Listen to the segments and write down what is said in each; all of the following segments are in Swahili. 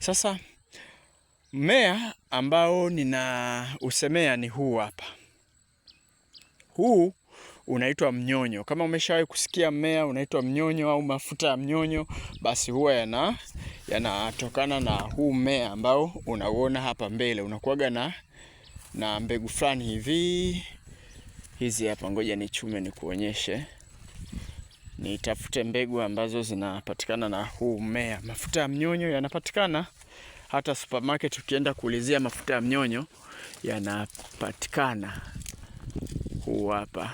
Sasa mmea ambao ninausemea ni huu hapa. Huu unaitwa mnyonyo. Kama umeshawahi kusikia mmea unaitwa mnyonyo au mafuta ya mnyonyo, basi huwa yana yanatokana na huu mmea ambao unauona hapa mbele. Unakuwaga na na mbegu fulani hivi, hizi hapa. Ngoja nichume nikuonyeshe nitafute mbegu ambazo zinapatikana na huu mmea. Mafuta ya mnyonyo yanapatikana hata supermarket, ukienda kuulizia mafuta ya mnyonyo yanapatikana. Huu hapa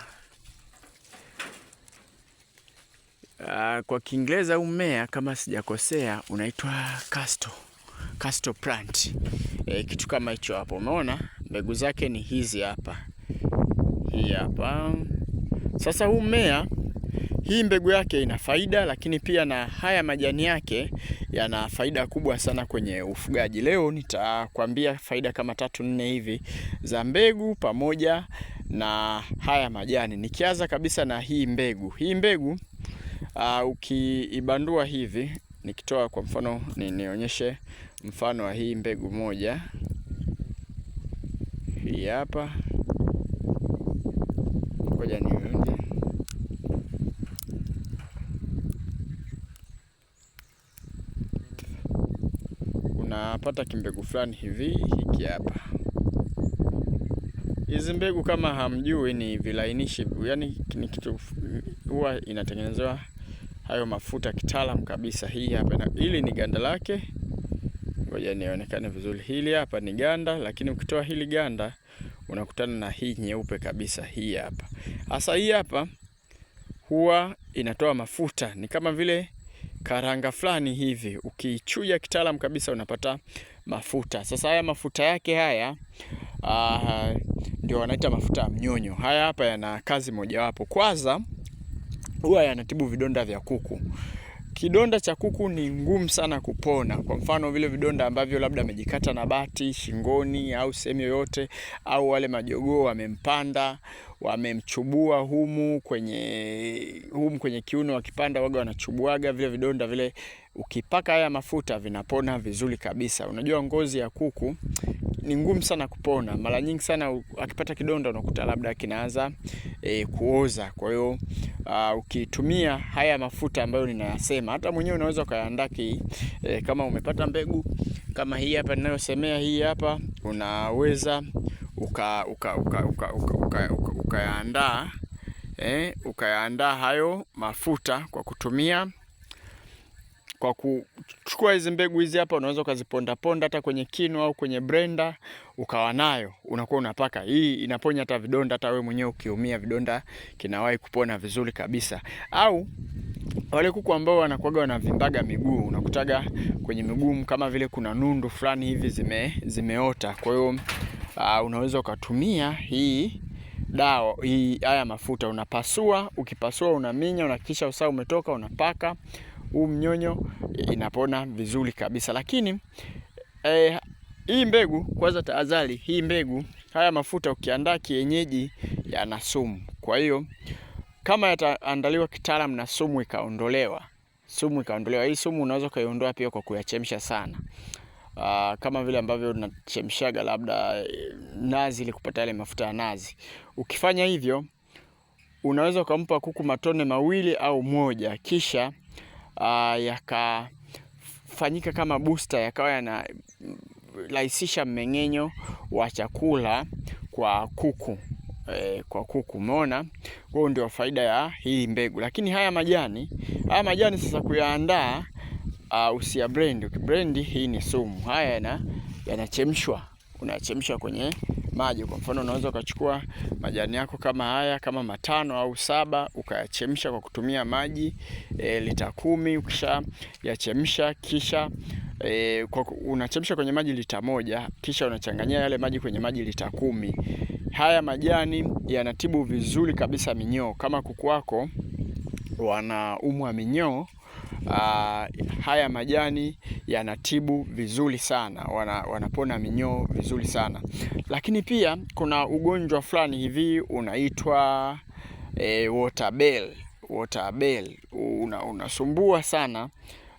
ah, kwa Kiingereza huu mmea kama sijakosea unaitwa castor, castor plant e, kitu kama hicho hapo. Umeona mbegu zake ni hizi hapa, hii hapa. Sasa huu mmea hii mbegu yake ina faida, lakini pia na haya majani yake yana faida kubwa sana kwenye ufugaji. Leo nitakwambia faida kama tatu nne hivi za mbegu pamoja na haya majani. Nikianza kabisa na hii mbegu, hii mbegu uh, ukiibandua hivi, nikitoa kwa mfano ni, nionyeshe mfano wa hii mbegu moja, hii hapa, ngoja ni unapata kimbegu fulani hivi, hiki hapa. Hizi mbegu kama hamjui ni vilainishi, yani ni kitu huwa inatengenezewa hayo mafuta kitaalam kabisa. Hii hapa na hili ni ganda lake, ngoja nionekane vizuri. Hili hapa ni ganda, lakini ukitoa hili ganda unakutana na hii nyeupe kabisa, hii hapa hasa. Hii hapa huwa inatoa mafuta, ni kama vile karanga fulani hivi, ukichuja kitaalam kabisa unapata mafuta. Sasa haya mafuta yake haya uh, ndio wanaita mafuta ya mnyonyo. Haya hapa yana kazi mojawapo, kwanza huwa yanatibu vidonda vya kuku. Kidonda cha kuku ni ngumu sana kupona. Kwa mfano vile vidonda ambavyo labda amejikata na bati shingoni au sehemu yoyote, au wale majogoo wamempanda wamemchubua humu kwenye humu kwenye kiuno, wakipanda waga wanachubuaga vile vidonda vile ukipaka haya mafuta vinapona vizuri kabisa. Unajua ngozi ya kuku ni ngumu sana kupona. Mara nyingi sana akipata kidonda unakuta labda kinaanza e, kuoza. Kwa hiyo uh, ukitumia haya mafuta ambayo ninayasema, hata mwenyewe unaweza ukayaandaa e, kama umepata mbegu kama hii hapa ninayosemea hii hapa, unaweza ukayaandaa uka, uka, uka, uka, uka, uka eh, ukayaandaa hayo mafuta kwa kutumia kwa kuchukua hizi mbegu hizi hapa, unaweza ukaziponda ponda hata kwenye kinu au kwenye blender ukawa nayo unakuwa unapaka. Hii inaponya hata vidonda, hata wewe mwenyewe ukiumia vidonda kinawahi kupona vizuri kabisa. Au wale kuku ambao wanakuaga wanavimbaga miguu, unakutaga kwenye miguu kama vile kuna nundu fulani hivi zime, zimeota. Kwa hiyo uh, unaweza ukatumia hii dawa hii, haya mafuta unapasua, ukipasua unaminya, unahakikisha usaha umetoka, unapaka huu mnyonyo eh, inapona vizuri kabisa. Lakini eh, hii mbegu kwanza, tahadhari, hii mbegu, haya mafuta ukiandaa kienyeji yana sumu. Kwa hiyo kama yataandaliwa kitaalamu na sumu ikaondolewa, sumu ikaondolewa, hii sumu unaweza ukaiondoa pia kwa kuyachemsha sana. Uh, kama vile ambavyo unachemshaga labda eh, nazi ili kupata yale mafuta ya nazi. Ukifanya hivyo, unaweza ukampa kuku matone mawili au moja, kisha Ah, yakafanyika kama booster, yakawa yanarahisisha mmeng'enyo wa chakula kwa kuku e, kwa kuku. Umeona, huo ndio faida ya hii mbegu. Lakini haya majani haya majani sasa kuyaandaa, uh, usia blend. Ukiblend hii ni sumu, haya yanachemshwa unayachemsha kwenye maji. Kwa mfano, unaweza ukachukua majani yako kama haya kama matano au saba ukayachemsha kwa kutumia maji e, lita kumi. Ukishayachemsha kisha e, kwa, unachemsha kwenye maji lita moja kisha unachanganyia yale maji kwenye maji lita kumi. Haya majani yanatibu vizuri kabisa minyoo. Kama kuku wako wanaumwa minyoo uh, haya majani yanatibu vizuri sana, wana, wanapona minyoo vizuri sana. Lakini pia kuna ugonjwa fulani hivi unaitwa e, water bell. Water bell unasumbua una sana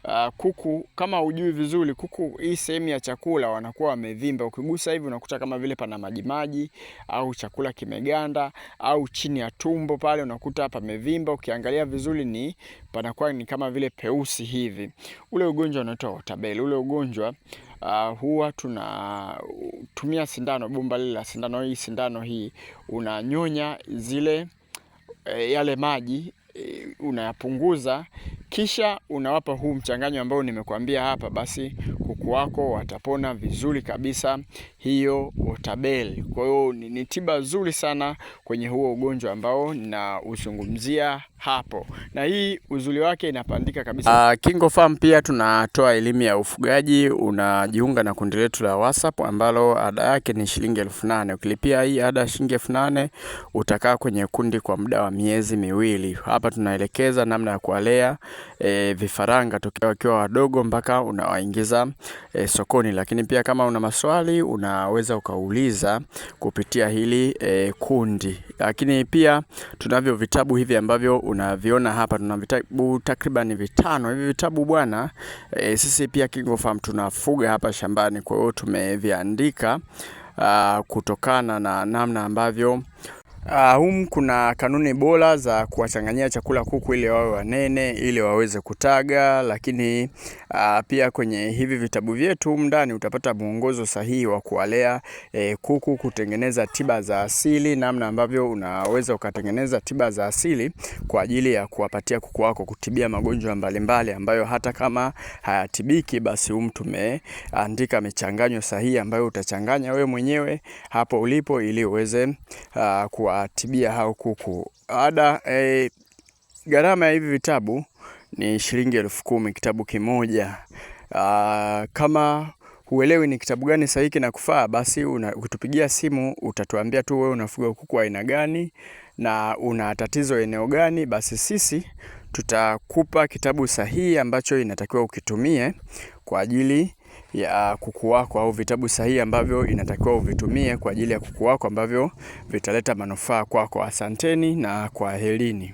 Uh, kuku kama hujui vizuri, kuku hii sehemu ya chakula wanakuwa wamevimba, ukigusa hivi unakuta kama vile pana majimaji au chakula kimeganda au chini ya tumbo pale unakuta pamevimba, ukiangalia vizuri ni panakuwa ni kama vile peusi hivi. Ule ugonjwa unaitwa otabel. Ule ugonjwa uh, huwa tunatumia sindano, bomba lile la sindano hii, sindano hii unanyonya zile e, yale maji unayapunguza, kisha unawapa huu mchanganyo ambao nimekuambia hapa, basi kuku wako watapona vizuri kabisa hiyo otabel. Kwa hiyo ni tiba nzuri sana kwenye huo ugonjwa ambao ninauzungumzia hapo, na hii uzuri wake inapandika kabisa. Uh, Kingo Farm pia tunatoa elimu ya ufugaji. Unajiunga na kundi letu la WhatsApp ambalo ada yake ni shilingi elfu nane. Ukilipia hii ada ya shilingi elfu nane utakaa kwenye kundi kwa muda wa miezi miwili. Hapa tunaelekeza namna ya kuwalea e, vifaranga tokea wakiwa wadogo mpaka unawaingiza e, sokoni. Lakini pia kama una maswali unaweza ukauliza kupitia hili e, kundi. Lakini pia tunavyo vitabu hivi ambavyo unaviona hapa, tuna vitabu takriban vitano. Hivi vitabu bwana, e, sisi pia Kingo Farm tunafuga hapa shambani, kwa hiyo tumeviandika ah, kutokana na namna ambavyo Uh, ah, hum kuna kanuni bora za kuwachanganyia chakula kuku ili wawe wanene ili waweze kutaga, lakini uh, pia kwenye hivi vitabu vyetu humu ndani utapata mwongozo sahihi wa kuwalea eh, kuku, kutengeneza tiba za asili, namna ambavyo unaweza ukatengeneza tiba za asili kwa ajili ya kuwapatia kuku wako, kutibia magonjwa mbalimbali ambayo hata kama hayatibiki, basi humu tumeandika michanganyo sahihi ambayo utachanganya wewe mwenyewe hapo ulipo ili uweze uh, kuwa kuwatibia hao kuku. Ada e, gharama ya hivi vitabu ni shilingi elfu kumi kitabu kimoja. Aa, kama huelewi ni kitabu gani sahihi kinakufaa, basi ukitupigia simu utatuambia tu wewe unafuga kuku aina gani na una tatizo eneo gani, basi sisi tutakupa kitabu sahihi ambacho inatakiwa ukitumie kwa ajili ya kuku wako au vitabu sahihi ambavyo inatakiwa uvitumie kwa ajili ya kuku wako ambavyo vitaleta manufaa kwako. Asanteni na kwaherini.